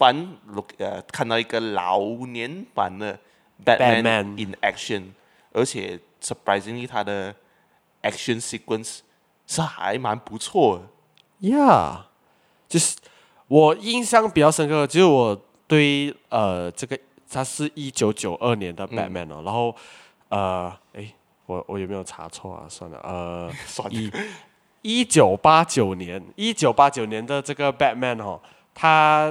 翻 look 呃、uh，看到一個老年版的 Batman Batman in action，而且 surprisingly 他的 action sequence 是還蠻不錯的 Yeah，就是我印象比較深刻，就是我對呃，這個他是一九九二年的 Batman 哦、嗯，然後誒、呃，我我有沒有查錯啊？算了，誒、呃， 算了一九八九年，一九八九年的這個 Batman 哦，他。